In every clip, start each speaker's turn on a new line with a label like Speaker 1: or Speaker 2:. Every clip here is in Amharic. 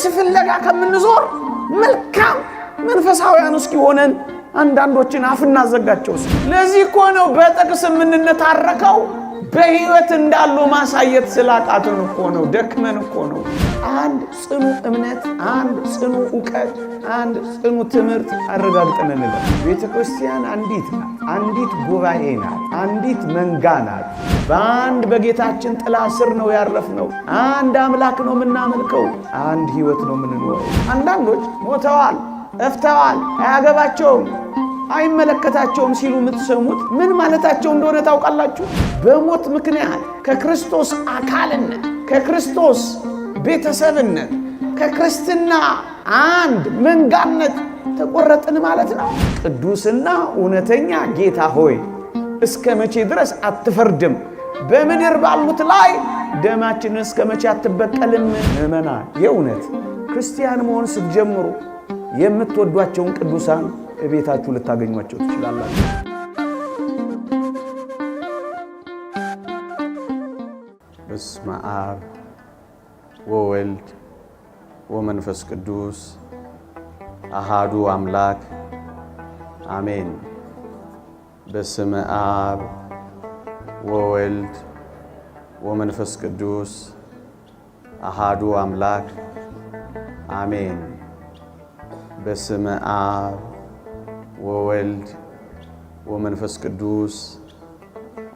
Speaker 1: መልስ ፍለጋ ከምንዞር መልካም መንፈሳውያን እስኪ ሆነን አንዳንዶችን አፍ እናዘጋቸው። ለዚህ እኮ ነው በጥቅስ የምንነታረከው። በህይወት እንዳሉ ማሳየት ስላቃቱን እኮ ነው። ደክመን እኮ ነው። አንድ ጽኑ እምነት፣ አንድ ጽኑ እውቀት፣ አንድ ጽኑ ትምህርት አረጋግጠን እንለ ቤተ ክርስቲያን አንዲት ናት። አንዲት ጉባኤ ናት። አንዲት መንጋ ናት። በአንድ በጌታችን ጥላ ስር ነው ያረፍነው። አንድ አምላክ ነው የምናመልከው። አንድ ህይወት ነው የምንኖረው። አንዳንዶች ሞተዋል፣ እፍተዋል፣ አያገባቸውም አይመለከታቸውም ሲሉ የምትሰሙት ምን ማለታቸው እንደሆነ ታውቃላችሁ? በሞት ምክንያት ከክርስቶስ አካልነት፣ ከክርስቶስ ቤተሰብነት፣ ከክርስትና አንድ መንጋነት ተቆረጥን ማለት ነው። ቅዱስና እውነተኛ ጌታ ሆይ እስከ መቼ ድረስ አትፈርድም? በምድር ባሉት ላይ ደማችንን እስከ መቼ አትበቀልም? ምእመናን የእውነት ክርስቲያን መሆን ስትጀምሩ የምትወዷቸውን ቅዱሳን እቤታችሁ ልታገኟቸው ትችላላችሁ።
Speaker 2: በስመ አብ ወወልድ ወመንፈስ ቅዱስ አሃዱ አምላክ አሜን። በስመ አብ ወወልድ ወመንፈስ ቅዱስ አሃዱ አምላክ አሜን። በስመ አብ ወወልድ ወመንፈስ ቅዱስ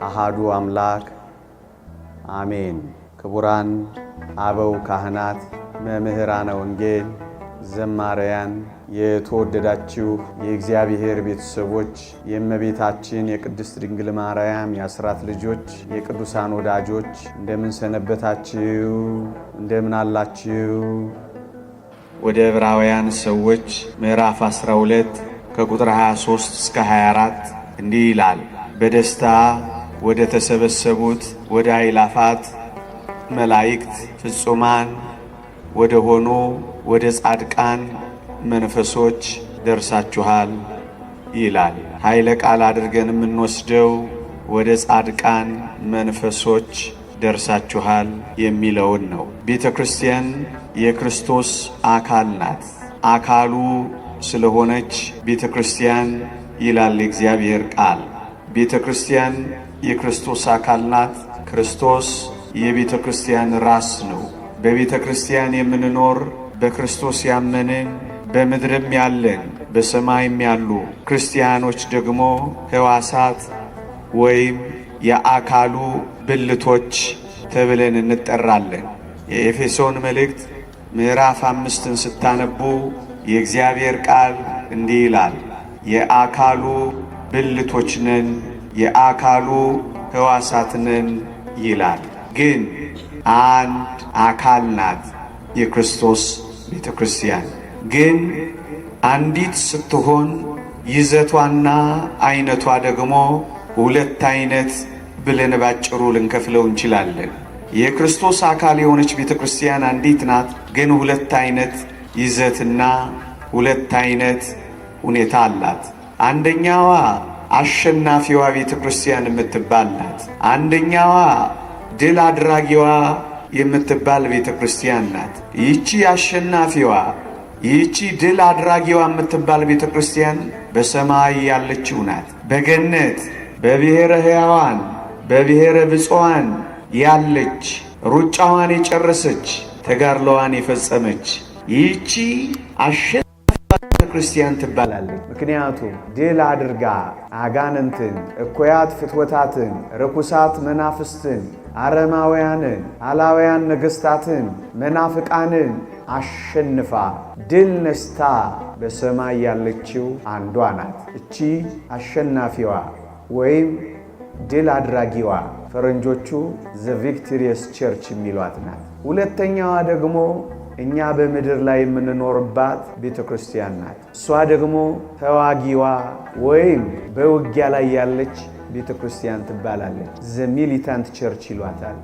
Speaker 2: አሃዱ አምላክ አሜን። ክቡራን አበው ካህናት፣ መምህራነ ወንጌል፣ ዘማሪያን፣ የተወደዳችሁ የእግዚአብሔር ቤተሰቦች፣ የእመቤታችን የቅድስት ድንግል ማርያም የአስራት ልጆች፣ የቅዱሳን ወዳጆች እንደምን ሰነበታችሁ? እንደምን አላችሁ? ወደ ዕብራውያን ሰዎች ምዕራፍ 12 ከቁጥር 23 እስከ 24 እንዲህ ይላል። በደስታ ወደ ተሰበሰቡት ወደ አይላፋት መላእክት ፍጹማን ወደ ሆኑ ወደ ጻድቃን መንፈሶች ደርሳችኋል ይላል። ኃይለ ቃል አድርገን የምንወስደው ወደ ጻድቃን መንፈሶች ደርሳችኋል የሚለውን ነው። ቤተ ክርስቲያን የክርስቶስ አካል ናት። አካሉ ስለሆነች ቤተ ክርስቲያን ይላል የእግዚአብሔር ቃል። ቤተ ክርስቲያን የክርስቶስ አካል ናት። ክርስቶስ የቤተ ክርስቲያን ራስ ነው። በቤተ ክርስቲያን የምንኖር በክርስቶስ ያመንን በምድርም ያለን በሰማይም ያሉ ክርስቲያኖች ደግሞ ሕዋሳት ወይም የአካሉ ብልቶች ተብለን እንጠራለን። የኤፌሶን መልእክት ምዕራፍ አምስትን ስታነቡ የእግዚአብሔር ቃል እንዲህ ይላል፣ የአካሉ ብልቶች ነን፣ የአካሉ ሕዋሳት ነን ይላል። ግን አንድ አካል ናት የክርስቶስ ቤተ ክርስቲያን። ግን አንዲት ስትሆን ይዘቷና አይነቷ ደግሞ ሁለት አይነት ብለን ባጭሩ ልንከፍለው እንችላለን። የክርስቶስ አካል የሆነች ቤተ ክርስቲያን አንዲት ናት፣ ግን ሁለት አይነት ይዘትና ሁለት አይነት ሁኔታ አላት። አንደኛዋ አሸናፊዋ ቤተ ክርስቲያን የምትባል ናት። አንደኛዋ ድል አድራጊዋ የምትባል ቤተ ክርስቲያን ናት። ይቺ አሸናፊዋ ይቺ ድል አድራጊዋ የምትባል ቤተ ክርስቲያን በሰማይ ያለችው ናት። በገነት በብሔረ ሕያዋን በብሔረ ብፁዓን ያለች ሩጫዋን የጨረሰች ተጋድሎዋን የፈጸመች ይቺ አሸናፊ ክርስቲያን ትባላለች። ምክንያቱም ድል አድርጋ አጋንንትን፣ እኩያት ፍትወታትን፣ ርኩሳት መናፍስትን፣ አረማውያንን፣ አላውያን ነገስታትን መናፍቃንን አሸንፋ ድል ነስታ በሰማይ ያለችው አንዷ ናት። እቺ አሸናፊዋ ወይም ድል አድራጊዋ ፈረንጆቹ ዘ ቪክቶሪየስ ቸርች የሚሏት ናት። ሁለተኛዋ ደግሞ እኛ በምድር ላይ የምንኖርባት ቤተ ክርስቲያን ናት። እሷ ደግሞ ተዋጊዋ ወይም በውጊያ ላይ ያለች ቤተ ክርስቲያን ትባላለች። ዘ ሚሊታንት ቸርች ይሏታል።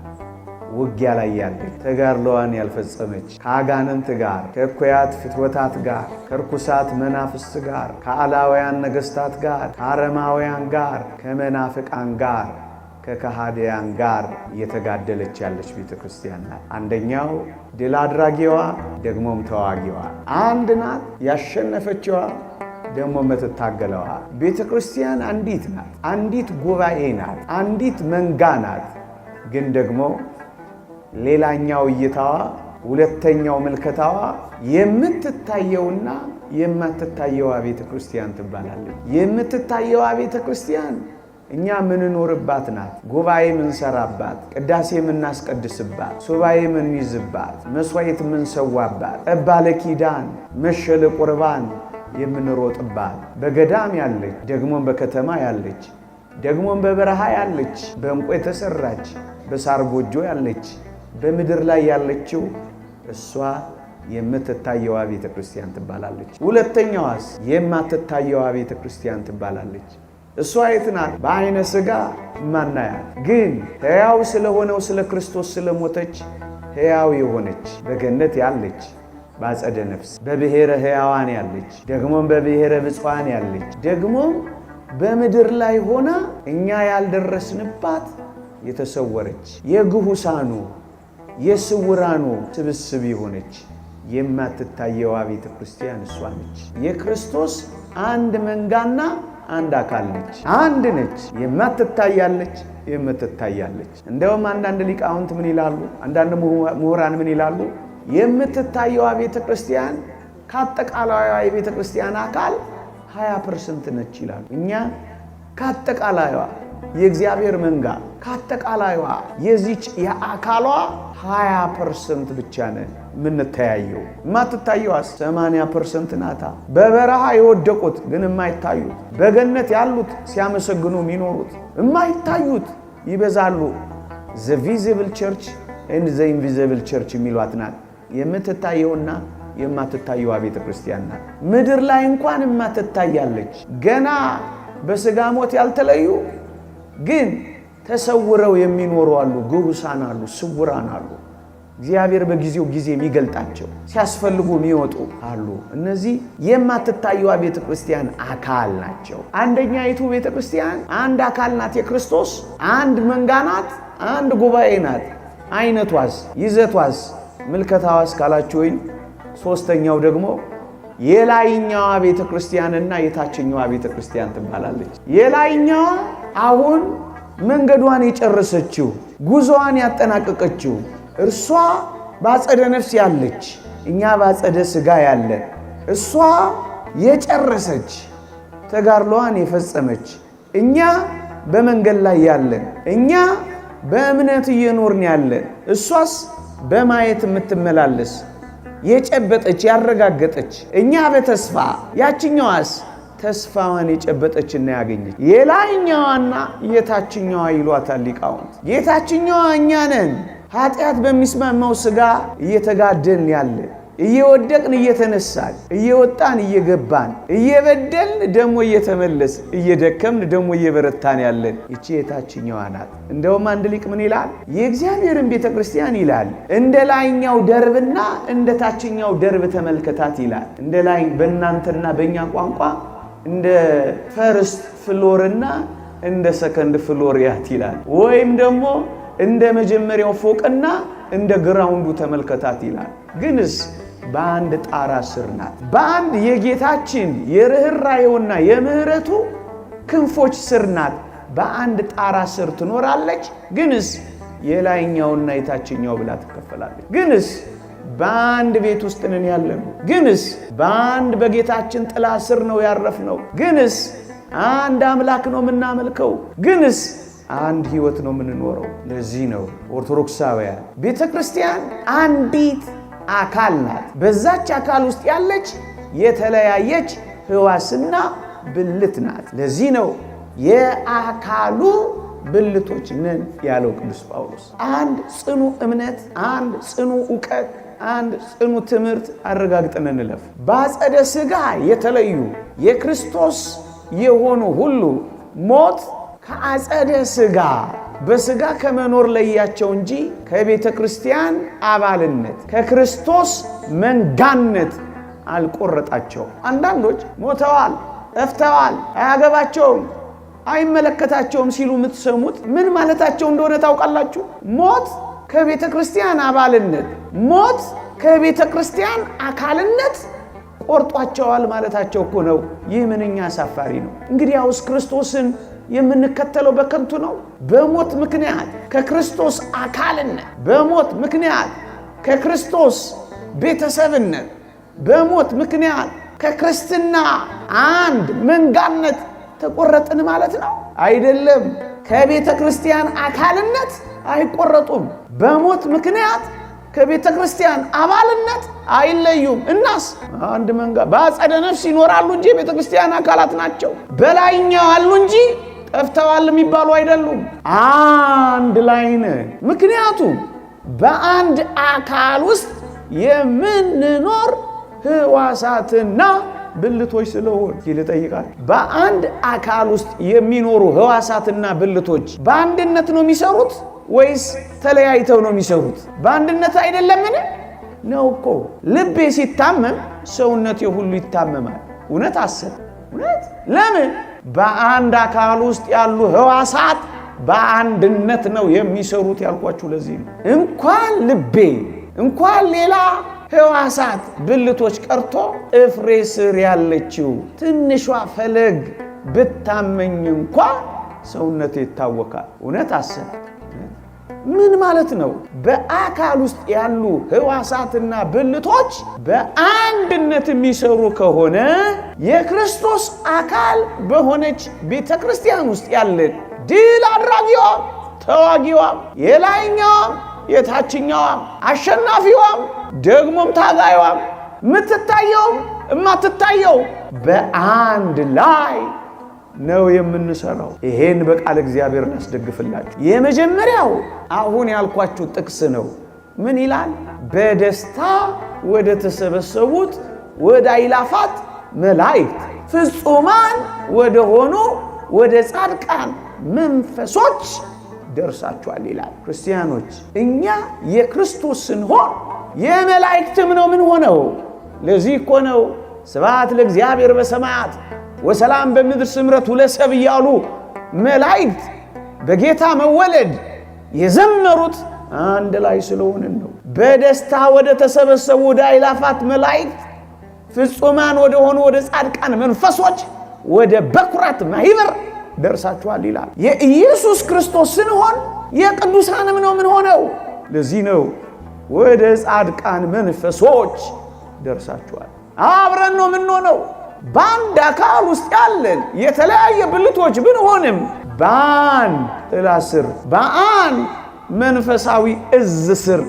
Speaker 2: ውጊያ ላይ ያለች ተጋድሎዋን ያልፈጸመች ከአጋንንት ጋር፣ ከእኩያት ፍትወታት ጋር፣ ከርኩሳት መናፍስት ጋር፣ ከአላውያን ነገሥታት ጋር፣ ከአረማውያን ጋር፣ ከመናፍቃን ጋር ከከሃዲያን ጋር እየተጋደለች ያለች ቤተ ክርስቲያን ናት። አንደኛው ድል አድራጊዋ ደግሞም ተዋጊዋ አንድ ናት። ያሸነፈችዋ ደግሞ ምትታገለዋ ቤተ ክርስቲያን አንዲት ናት። አንዲት ጉባኤ ናት። አንዲት መንጋ ናት። ግን ደግሞ ሌላኛው እይታዋ ሁለተኛው ምልከታዋ የምትታየውና የማትታየዋ ቤተ ክርስቲያን ትባላለች። የምትታየዋ ቤተ ክርስቲያን እኛ ምንኖርባት ናት። ጉባኤ ምንሰራባት፣ ቅዳሴ ምናስቀድስባት፣ ሱባኤ ምንይዝባት፣ መሥዋዕት ምንሰዋባት፣ ጠባለ ኪዳን መሸለ ቁርባን የምንሮጥባት በገዳም ያለች ደግሞም በከተማ ያለች ደግሞም በበረሃ ያለች በእንቁ የተሰራች በሳር ጎጆ ያለች በምድር ላይ ያለችው እሷ የምትታየዋ ቤተ ክርስቲያን ትባላለች። ሁለተኛዋስ የማትታየዋ ቤተ ክርስቲያን ትባላለች። እሷ የት ናት? በአይነ ሥጋ ማናያት፣ ግን ሕያው ስለሆነው ስለ ክርስቶስ ስለሞተች ሕያው የሆነች በገነት ያለች ባጸደ ነፍስ በብሔረ ሕያዋን ያለች ደግሞም በብሔረ ብፁዓን ያለች ደግሞም በምድር ላይ ሆና እኛ ያልደረስንባት የተሰወረች የግሁሳኑ የስውራኑ ስብስብ የሆነች የማትታየዋ ቤተ ክርስቲያን እሷ ነች። የክርስቶስ አንድ መንጋና አንድ አካል ነች፣ አንድ ነች፣ የማትታያለች የምትታያለች። እንደውም አንዳንድ ሊቃውንት ምን ይላሉ? አንዳንድ ምሁራን ምን ይላሉ? የምትታየዋ ቤተ ክርስቲያን ከአጠቃላይዋ የቤተ ክርስቲያን አካል 20 ፐርሰንት ነች ይላሉ። እኛ ከአጠቃላዩዋ የእግዚአብሔር መንጋ ከአጠቃላይዋ የዚች የአካሏ 20 ፐርሰንት ብቻ ነ የምንተያየው። የማትታየዋ 80 ፐርሰንት ናታ። በበረሃ የወደቁት ግን የማይታዩት፣ በገነት ያሉት ሲያመሰግኑ የሚኖሩት የማይታዩት ይበዛሉ። ዘ ቪዚብል ቸርች ኤንድ ዘ ኢንቪዚብል ቸርች የሚሏት ናት የምትታየውና የማትታየዋ ቤተ ክርስቲያን ናት። ምድር ላይ እንኳን የማትታያለች። ገና በስጋ ሞት ያልተለዩ ግን ተሰውረው የሚኖሩ አሉ፣ ግሁሳን አሉ፣ ስውራን አሉ። እግዚአብሔር በጊዜው ጊዜ የሚገልጣቸው ሲያስፈልጉ የሚወጡ አሉ። እነዚህ የማትታየዋ ቤተ ክርስቲያን አካል ናቸው። አንደኛይቱ ቤተ ክርስቲያን አንድ አካል ናት የክርስቶስ አንድ መንጋ ናት፣ አንድ ጉባኤ ናት። አይነቷስ፣ ይዘቷስ፣ ምልከታዋስ ካላችሁ ወይም ሶስተኛው ደግሞ የላይኛዋ ቤተ ክርስቲያንና የታችኛዋ ቤተ ክርስቲያን ትባላለች። የላይኛዋ አሁን መንገዷን የጨረሰችው ጉዞዋን ያጠናቀቀችው እርሷ ባጸደ ነፍስ ያለች፣ እኛ ባጸደ ስጋ ያለን እሷ የጨረሰች ተጋድሎዋን የፈጸመች እኛ በመንገድ ላይ ያለን እኛ በእምነት እየኖርን ያለን እሷስ በማየት የምትመላለስ የጨበጠች ያረጋገጠች እኛ በተስፋ ያችኛዋስ ተስፋዋን የጨበጠችና ያገኘች የላይኛዋና የታችኛዋ ይሏታል ሊቃውንት። የታችኛዋ እኛ ነን፣ ኃጢአት በሚስማማው ሥጋ እየተጋደን ያለ እየወደቅን እየተነሳን እየወጣን እየገባን እየበደልን ደግሞ እየተመለስ እየደከምን ደግሞ እየበረታን ያለን ይቺ የታችኛዋ ናት። እንደውም አንድ ሊቅ ምን ይላል? የእግዚአብሔርን ቤተ ክርስቲያን ይላል እንደ ላይኛው ደርብና እንደ ታችኛው ደርብ ተመልከታት ይላል። እንደ ላይ በእናንተና በእኛ ቋንቋ እንደ ፈርስት ፍሎርና እንደ ሰከንድ ፍሎር ያት ይላል ወይም ደግሞ እንደ መጀመሪያው ፎቅና እንደ ግራውንዱ ተመልከታት ይላል ግንስ በአንድ ጣራ ስር ናት። በአንድ የጌታችን የርኅራኄውና የምሕረቱ ክንፎች ስር ናት። በአንድ ጣራ ስር ትኖራለች። ግንስ የላይኛውና የታችኛው ብላ ትከፈላለች። ግንስ በአንድ ቤት ውስጥ ነን ያለነው። ግንስ በአንድ በጌታችን ጥላ ስር ነው ያረፍነው። ግንስ አንድ አምላክ ነው የምናመልከው። ግንስ አንድ ሕይወት ነው የምንኖረው። ለዚህ ነው ኦርቶዶክሳውያን ቤተ ክርስቲያን አንዲት አካል ናት። በዛች አካል ውስጥ ያለች የተለያየች ህዋስና ብልት ናት። ለዚህ ነው የአካሉ ብልቶች ነን ያለው ቅዱስ ጳውሎስ። አንድ ጽኑ እምነት፣ አንድ ጽኑ እውቀት፣ አንድ ጽኑ ትምህርት አረጋግጠን እንለፍ። በአጸደ ሥጋ የተለዩ የክርስቶስ የሆኑ ሁሉ ሞት ከአጸደ ሥጋ በስጋ ከመኖር ለያቸው እንጂ ከቤተ ክርስቲያን አባልነት ከክርስቶስ መንጋነት አልቆረጣቸው አንዳንዶች ሞተዋል፣ ጠፍተዋል፣ አያገባቸውም፣ አይመለከታቸውም ሲሉ የምትሰሙት ምን ማለታቸው እንደሆነ ታውቃላችሁ? ሞት ከቤተ ክርስቲያን አባልነት፣ ሞት ከቤተ ክርስቲያን አካልነት ቆርጧቸዋል ማለታቸው እኮ ነው። ይህ ምንኛ አሳፋሪ ነው! እንግዲያውስ ክርስቶስን የምንከተለው በከንቱ ነው። በሞት ምክንያት ከክርስቶስ አካልነት፣ በሞት ምክንያት ከክርስቶስ ቤተሰብነት፣ በሞት ምክንያት ከክርስትና አንድ መንጋነት ተቆረጥን ማለት ነው አይደለም። ከቤተ ክርስቲያን አካልነት አይቆረጡም። በሞት ምክንያት ከቤተ ክርስቲያን አባልነት አይለዩም። እናስ አንድ መንጋ በአጸደ ነፍስ ይኖራሉ እንጂ የቤተ ክርስቲያን አካላት ናቸው። በላይኛው አሉ እንጂ ጠፍተዋል የሚባሉ አይደሉም። አንድ ላይ ምክንያቱ ምክንያቱም በአንድ አካል ውስጥ የምንኖር ህዋሳትና ብልቶች ስለሆን ጠይቃል። በአንድ አካል ውስጥ የሚኖሩ ህዋሳትና ብልቶች በአንድነት ነው የሚሰሩት ወይስ ተለያይተው ነው የሚሰሩት? በአንድነት አይደለምን? ነው እኮ ልቤ ሲታመም ሰውነቴ ሁሉ ይታመማል። እውነት አሰብ እውነት ለምን በአንድ አካል ውስጥ ያሉ ህዋሳት በአንድነት ነው የሚሰሩት ያልኳችሁ ለዚህ ነው። እንኳን ልቤ እንኳን ሌላ ህዋሳት ብልቶች ቀርቶ እፍሬ ስር ያለችው ትንሿ ፈለግ ብታመኝ እንኳ ሰውነት ይታወካል። እውነት አሰብ ምን ማለት ነው? በአካል ውስጥ ያሉ ህዋሳትና ብልቶች በአንድነት የሚሰሩ ከሆነ የክርስቶስ አካል በሆነች ቤተ ክርስቲያን ውስጥ ያለን ድል አድራጊዋም ተዋጊዋም የላይኛዋም የታችኛዋም አሸናፊዋም ደግሞም ታጋይዋም የምትታየውም እማትታየው በአንድ ላይ ነው የምንሰራው። ይሄን በቃል እግዚአብሔር እናስደግፍላችሁ። የመጀመሪያው አሁን ያልኳችሁ ጥቅስ ነው። ምን ይላል? በደስታ ወደ ተሰበሰቡት ወደ አይላፋት መላእክት ፍጹማን ወደ ሆኑ ወደ ጻድቃን መንፈሶች ደርሳችኋል ይላል። ክርስቲያኖች እኛ የክርስቶስ ስንሆን የመላእክትም ነው ምን ሆነው። ለዚህ እኮ ነው ስብሐት ለእግዚአብሔር በሰማያት ወሰላም በምድር ስምረቱ ለሰብ እያሉ መላእክት በጌታ መወለድ የዘመሩት አንድ ላይ ስለሆንን ነው። በደስታ ወደ ተሰበሰቡ ወደ አይላፋት መላእክት ፍጹማን ወደ ሆኑ ወደ ጻድቃን መንፈሶች ወደ በኩራት ማህበር ደርሳችኋል ይላል። የኢየሱስ ክርስቶስ ስንሆን የቅዱሳንም ነው ምንሆነው። ለዚህ ነው ወደ ጻድቃን መንፈሶች ደርሳችኋል። አብረን ነው የምንሆነው። በአንድ አካል ውስጥ ያለን የተለያየ ብልቶች ብንሆንም በአንድ ጥላ ስር በአንድ መንፈሳዊ እዝ ስር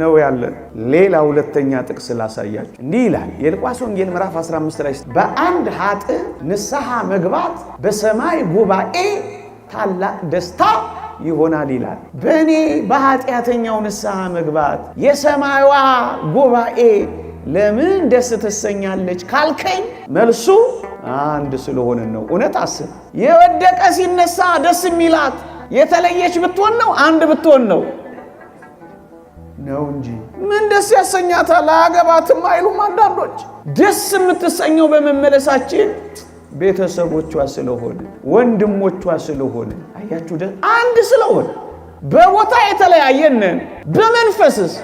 Speaker 2: ነው ያለን። ሌላ ሁለተኛ ጥቅስ ላሳያችሁ። እንዲህ ይላል የሉቃስ ወንጌል ምዕራፍ 15 ላይ በአንድ ሀጥ ንስሐ መግባት በሰማይ ጉባኤ ታላቅ ደስታ ይሆናል ይላል። በእኔ በኃጢአተኛው ንስሐ መግባት የሰማይዋ ጉባኤ ለምን ደስ ትሰኛለች ካልከኝ መልሱ አንድ ስለሆነ ነው። እውነት አስብ። የወደቀ ሲነሳ ደስ የሚላት የተለየች ብትሆን ነው አንድ ብትሆን ነው ነው እንጂ ምን ደስ ያሰኛታል? አያገባትም አይሉም አንዳንዶች። ደስ የምትሰኘው በመመለሳችን ቤተሰቦቿ ስለሆነ ወንድሞቿ ስለሆነ አያችሁ፣ ደስ አንድ ስለሆነ በቦታ የተለያየነን በመንፈስስ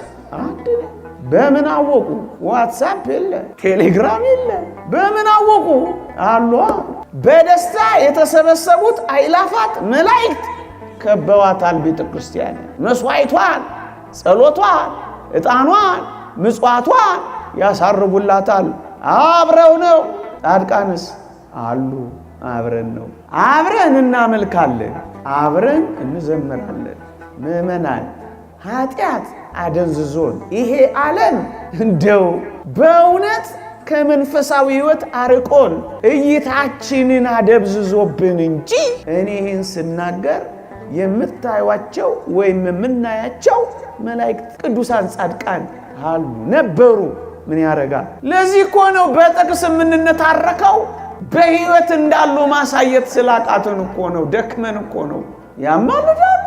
Speaker 2: አንድ በምን አወቁ? ዋትሳፕ የለ፣ ቴሌግራም የለ። በምን አወቁ? አሏ በደስታ የተሰበሰቡት አይላፋት መላእክት ከበዋታል። ቤተ ክርስቲያን መስዋዕቷን፣ ጸሎቷን፣ ዕጣኗን፣ ምጽዋቷን ያሳርጉላታል። አብረው ነው። ጻድቃንስ አሉ። አብረን ነው፣ አብረን እናመልካለን፣ አብረን እንዘምራለን። ምእመናን ኃጢአት አደንዝዞን ይሄ ዓለም እንደው በእውነት ከመንፈሳዊ ሕይወት አርቆን እይታችንን አደብዝዞብን እንጂ እኔ ይህን ስናገር የምታዩቸው ወይም የምናያቸው መላእክት፣ ቅዱሳን፣ ጻድቃን አሉ ነበሩ። ምን ያደርጋል? ለዚህ እኮ ነው በጥቅስ የምንነታረከው። በሕይወት እንዳሉ ማሳየት ስላቃተን እኮ ነው። ደክመን እኮ ነው። ያማልዳሉ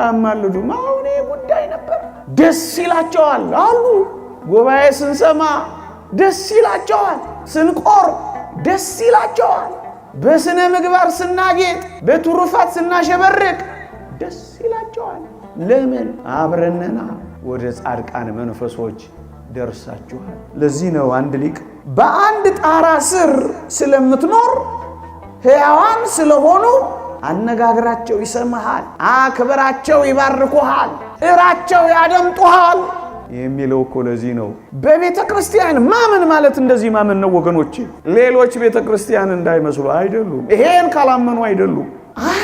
Speaker 2: አያማልዱም። አሁን ይህ ጉዳይ ነበር ደስ ይላቸዋል አሉ። ጉባኤ ስንሰማ ደስ ይላቸዋል፣ ስንቆር ደስ ይላቸዋል፣ በስነ ምግባር ስናጌጥ፣ በትሩፋት ስናሸበርቅ ደስ ይላቸዋል። ለምን? አብረነና ወደ ጻድቃን መንፈሶች ደርሳችኋል። ለዚህ ነው አንድ ሊቅ በአንድ ጣራ ስር ስለምትኖር ሕያዋን ስለሆኑ አነጋግራቸው ይሰማሃል፣ አክብራቸው ይባርኩሃል፣ እራቸው ያደምጡሃል። የሚለው እኮ ለዚህ ነው። በቤተ ክርስቲያን ማመን ማለት እንደዚህ ማመን ነው ወገኖቼ። ሌሎች ቤተ ክርስቲያን እንዳይመስሉ አይደሉም። ይሄን ካላመኑ አይደሉም።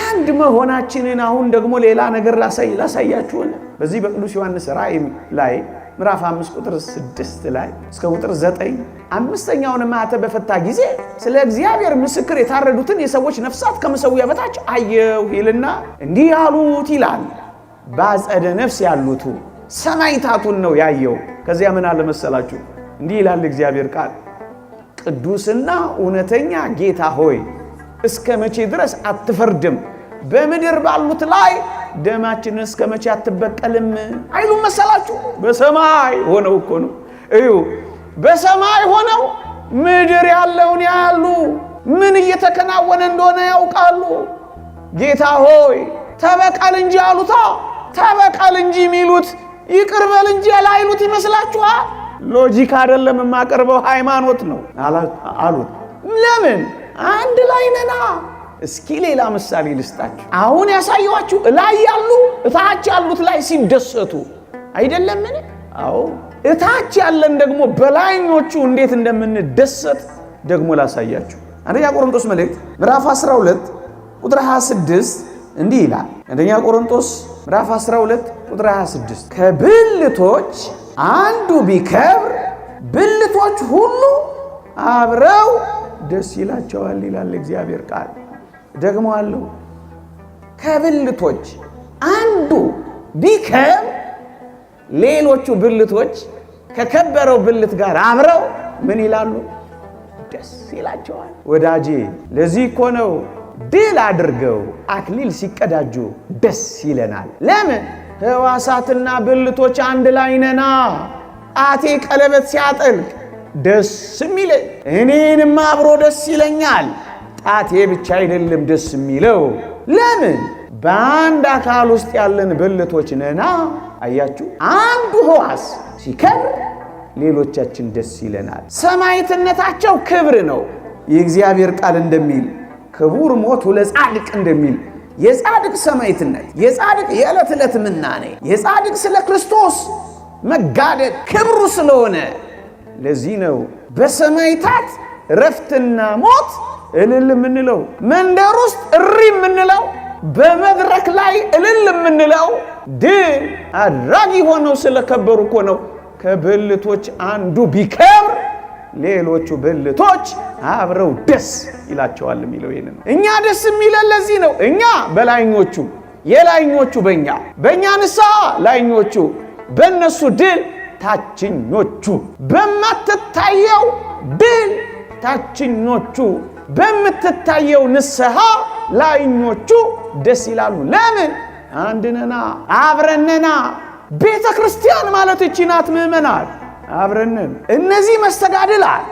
Speaker 2: አንድ መሆናችንን አሁን ደግሞ ሌላ ነገር ላሳይ ላሳያችሁን በዚህ በቅዱስ ዮሐንስ ራእይ ላይ ምዕራፍ 5 ቁጥር 6 ላይ እስከ ቁጥር 9 አምስተኛውን ማኅተም በፈታ ጊዜ ስለ እግዚአብሔር ምስክር የታረዱትን የሰዎች ነፍሳት ከመሠዊያው በታች አየው ይልና እንዲህ ያሉት ይላል በአጸደ ነፍስ ያሉቱ ሰማይታቱን ነው ያየው። ከዚያ ምን አለ መሰላችሁ? እንዲህ ይላል እግዚአብሔር ቃል ቅዱስና እውነተኛ ጌታ ሆይ እስከ መቼ ድረስ አትፈርድም በምድር ባሉት ላይ ደማችንን እስከ መቼ አትበቀልም አይሉ መሰላችሁ? በሰማይ ሆነው እኮ ነው። እዩ፣ በሰማይ ሆነው ምድር ያለውን ያሉ ምን እየተከናወነ እንደሆነ ያውቃሉ። ጌታ ሆይ ተበቀል እንጂ አሉታ። ተበቀል እንጂ የሚሉት ይቅርበል እንጂ ያላይሉት ይመስላችኋል? ሎጂክ አይደለም የማቀርበው ሃይማኖት ነው አሉት። ለምን አንድ ላይ ነና እስኪ ሌላ ምሳሌ ልስጣችሁ። አሁን ያሳየኋችሁ እላይ ያሉ እታች ያሉት ላይ ሲደሰቱ አይደለምን? አዎ እታች ያለን ደግሞ በላይኞቹ እንዴት እንደምንደሰት ደግሞ ላሳያችሁ። አንደኛ ቆሮንጦስ መልእክት ምዕራፍ 12 ቁጥር 26 እንዲህ ይላል። አንደኛ ቆሮንጦስ ምዕራፍ 12 ቁጥር 26 ከብልቶች አንዱ ቢከብር ብልቶች ሁሉ አብረው ደስ ይላቸዋል ይላል እግዚአብሔር ቃል። ደግሞ አለው ከብልቶች አንዱ ቢከም ሌሎቹ ብልቶች ከከበረው ብልት ጋር አብረው ምን ይላሉ? ደስ ይላቸዋል። ወዳጄ ለዚህ እኮ ነው ድል አድርገው አክሊል ሲቀዳጁ ደስ ይለናል። ለምን? ሕዋሳትና ብልቶች አንድ ላይ ነና። አቴ ቀለበት ሲያጠልቅ ደስ የሚለኝ እኔንም አብሮ ደስ ይለኛል። ጣቴ ብቻ አይደለም ደስ የሚለው። ለምን? በአንድ አካል ውስጥ ያለን ብልቶች ነና። አያችሁ፣ አንዱ ህዋስ ሲከብር ሌሎቻችን ደስ ይለናል። ሰማይትነታቸው ክብር ነው። የእግዚአብሔር ቃል እንደሚል ክቡር ሞቱ ለጻድቅ እንደሚል የጻድቅ ሰማይትነት የጻድቅ የዕለት ዕለት ምናኔ፣ የጻድቅ ስለ ክርስቶስ መጋደድ ክብሩ ስለሆነ ለዚህ ነው በሰማይታት ረፍትና ሞት እልል የምንለው መንደር ውስጥ እሪ የምንለው በመድረክ ላይ እልል የምንለው ድል አድራጊ ሆነው ስለከበሩ እኮ ነው። ከብልቶች አንዱ ቢከብር ሌሎቹ ብልቶች አብረው ደስ ይላቸዋል የሚለው ይህን ነው። እኛ ደስ የሚለን ለዚህ ነው። እኛ በላይኞቹ የላይኞቹ በእኛ በእኛ ንስሐ ላይኞቹ በእነሱ ድል ታችኞቹ በማትታየው ድል ታችኞቹ በምትታየው ንስሐ ላይኞቹ ደስ ይላሉ። ለምን? አንድነና አብረነና። ቤተ ክርስቲያን ማለት እቺ ናት። ምእመናን አብረንን። እነዚህ መስተጋድላት፣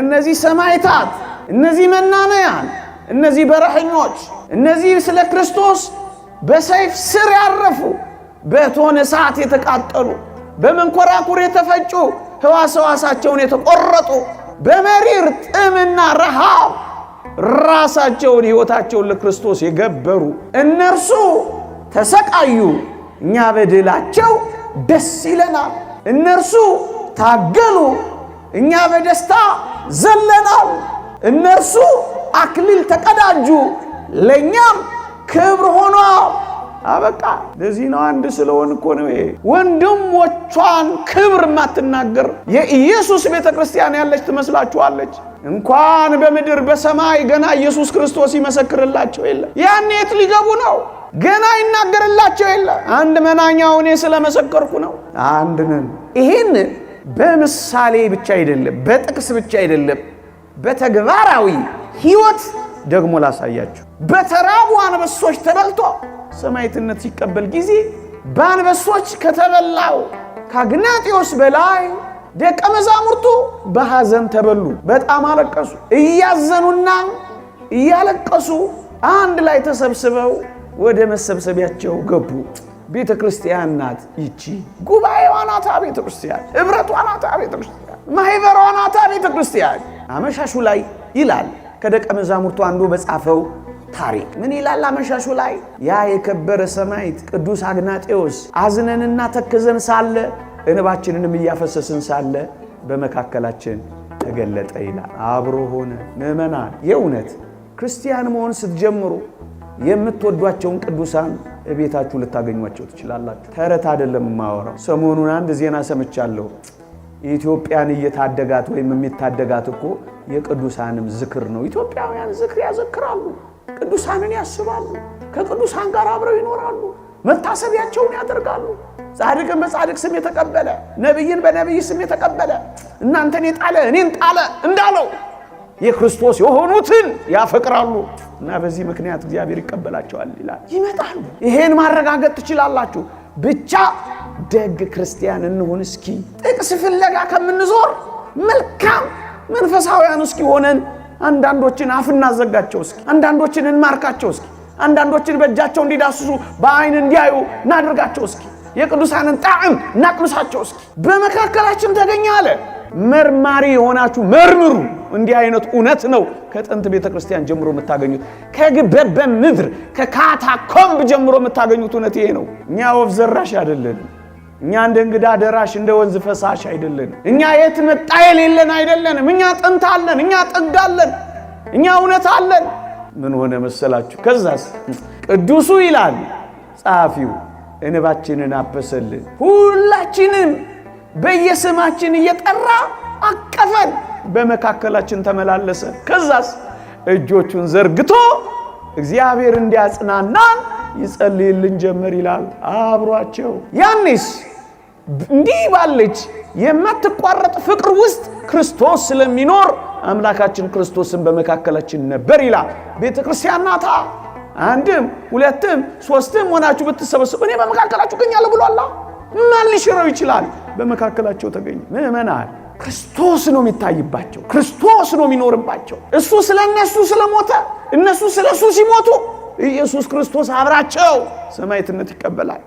Speaker 2: እነዚህ ሰማይታት እነዚህ መናነያን እነዚህ በረሐኞች፣ እነዚህ ስለ ክርስቶስ በሰይፍ ስር ያረፉ፣ በእቶነ እሳት የተቃጠሉ፣ በመንኮራኩር የተፈጩ፣ ሕዋስ ሕዋሳቸውን የተቆረጡ፣ በመሪር ጥምና ረሃብ ራሳቸውን ሕይወታቸውን ለክርስቶስ የገበሩ እነርሱ ተሰቃዩ፣ እኛ በድላቸው ደስ ይለናል። እነርሱ ታገሉ፣ እኛ በደስታ ዘለናል። እነርሱ አክሊል ተቀዳጁ፣ ለእኛም ክብር ሆኗል። አበቃ። ለዚህ ነው አንድ ስለሆን እኮ ነው ይሄ ወንድሞቿን ክብር የማትናገር የኢየሱስ ቤተ ክርስቲያን ያለች ትመስላችኋለች። እንኳን በምድር በሰማይ ገና ኢየሱስ ክርስቶስ ይመሰክርላቸው የለም። ያን የት ሊገቡ ነው? ገና ይናገርላቸው የለም። አንድ መናኛው እኔ ስለመሰከርኩ ነው፣ አንድ ነን። ይህን በምሳሌ ብቻ አይደለም፣ በጥቅስ ብቻ አይደለም፣ በተግባራዊ ህይወት ደግሞ ላሳያችሁ። በተራቡ አንበሶች ተበልቶ ሰማዕትነት ሲቀበል ጊዜ በአንበሶች ከተበላው ከአግናጢዮስ በላይ ደቀ መዛሙርቱ በሐዘን ተበሉ፣ በጣም አለቀሱ። እያዘኑና እያለቀሱ አንድ ላይ ተሰብስበው ወደ መሰብሰቢያቸው ገቡ። ቤተ ክርስቲያን ናት ይቺ። ጉባኤዋ ናታ ቤተ ክርስቲያን፣ ኅብረቷ ናታ ቤተ ክርስቲያን፣ ማኅበሯ ናታ ቤተ ክርስቲያን። አመሻሹ ላይ ይላል ከደቀ መዛሙርቱ አንዱ በጻፈው ታሪክ ምን ይላል? አመሻሹ ላይ ያ የከበረ ሰማዕት ቅዱስ አግናጤዎስ አዝነንና ተክዘን ሳለ እንባችንንም እያፈሰስን ሳለ በመካከላችን ተገለጠ ይላል። አብሮ ሆነ። ምእመናን የእውነት ክርስቲያን መሆን ስትጀምሩ የምትወዷቸውን ቅዱሳን እቤታችሁ ልታገኟቸው ትችላላችሁ። ተረት አይደለም የማወራው። ሰሞኑን አንድ ዜና ሰምቻለሁ። ኢትዮጵያን እየታደጋት ወይም የሚታደጋት እኮ የቅዱሳንም ዝክር ነው። ኢትዮጵያውያን ዝክር ያዘክራሉ፣ ቅዱሳንን ያስባሉ፣ ከቅዱሳን ጋር አብረው ይኖራሉ። መታሰቢያቸውን ያደርጋሉ። ጻድቅን በጻድቅ ስም የተቀበለ ነቢይን በነቢይ ስም የተቀበለ እናንተን የጣለ እኔን ጣለ እንዳለው የክርስቶስ የሆኑትን ያፈቅራሉ እና በዚህ ምክንያት እግዚአብሔር ይቀበላቸዋል ይላል። ይመጣሉ። ይሄን ማረጋገጥ ትችላላችሁ። ብቻ ደግ ክርስቲያን እንሁን። እስኪ ጥቅስ ፍለጋ ከምንዞር መልካም መንፈሳውያን እስኪ ሆነን አንዳንዶችን አፍ እናዘጋቸው እስኪ፣ አንዳንዶችን እንማርካቸው እስኪ። አንዳንዶችን በእጃቸው እንዲዳስሱ በአይን እንዲያዩ እናድርጋቸው እስኪ የቅዱሳንን ጣዕም እናቅምሳቸው እስኪ በመካከላችን ተገኘ አለ መርማሪ የሆናችሁ መርምሩ እንዲህ አይነት እውነት ነው ከጥንት ቤተ ክርስቲያን ጀምሮ የምታገኙት ከግበበ ምድር ከካታ ኮምብ ጀምሮ የምታገኙት እውነት ይሄ ነው እኛ ወፍ ዘራሽ አይደለን እኛ እንደ እንግዳ ደራሽ እንደ ወንዝ ፈሳሽ አይደለን እኛ የት መጣ የሌለን አይደለንም እኛ ጥንት አለን እኛ ጥግ አለን እኛ እውነት አለን ምን ሆነ መሰላችሁ? ከዛስ ቅዱሱ ይላል ጸሐፊው እንባችንን አበሰልን፣ ሁላችንም በየስማችን እየጠራ አቀፈን፣ በመካከላችን ተመላለሰ። ከዛስ እጆቹን ዘርግቶ እግዚአብሔር እንዲያጽናናን ይጸልይልን ጀመር ይላል አብሯቸው። ያኔስ እንዲህ ባለች የማትቋረጥ ፍቅር ውስጥ ክርስቶስ ስለሚኖር አምላካችን ክርስቶስን በመካከላችን ነበር ይላል። ቤተ ክርስቲያን ናታ። አንድም ሁለትም ሶስትም ሆናችሁ ብትሰበሰቡ እኔ በመካከላችሁ እገኛለሁ ብሏላ። ማን ሊሽረው ይችላል? በመካከላቸው ተገኘ። ምእመናን ክርስቶስ ነው የሚታይባቸው፣ ክርስቶስ ነው የሚኖርባቸው። እሱ ስለ እነሱ ስለሞተ፣ እነሱ ስለ እሱ ሲሞቱ፣ ኢየሱስ ክርስቶስ አብራቸው ሰማዕትነት ይቀበላል።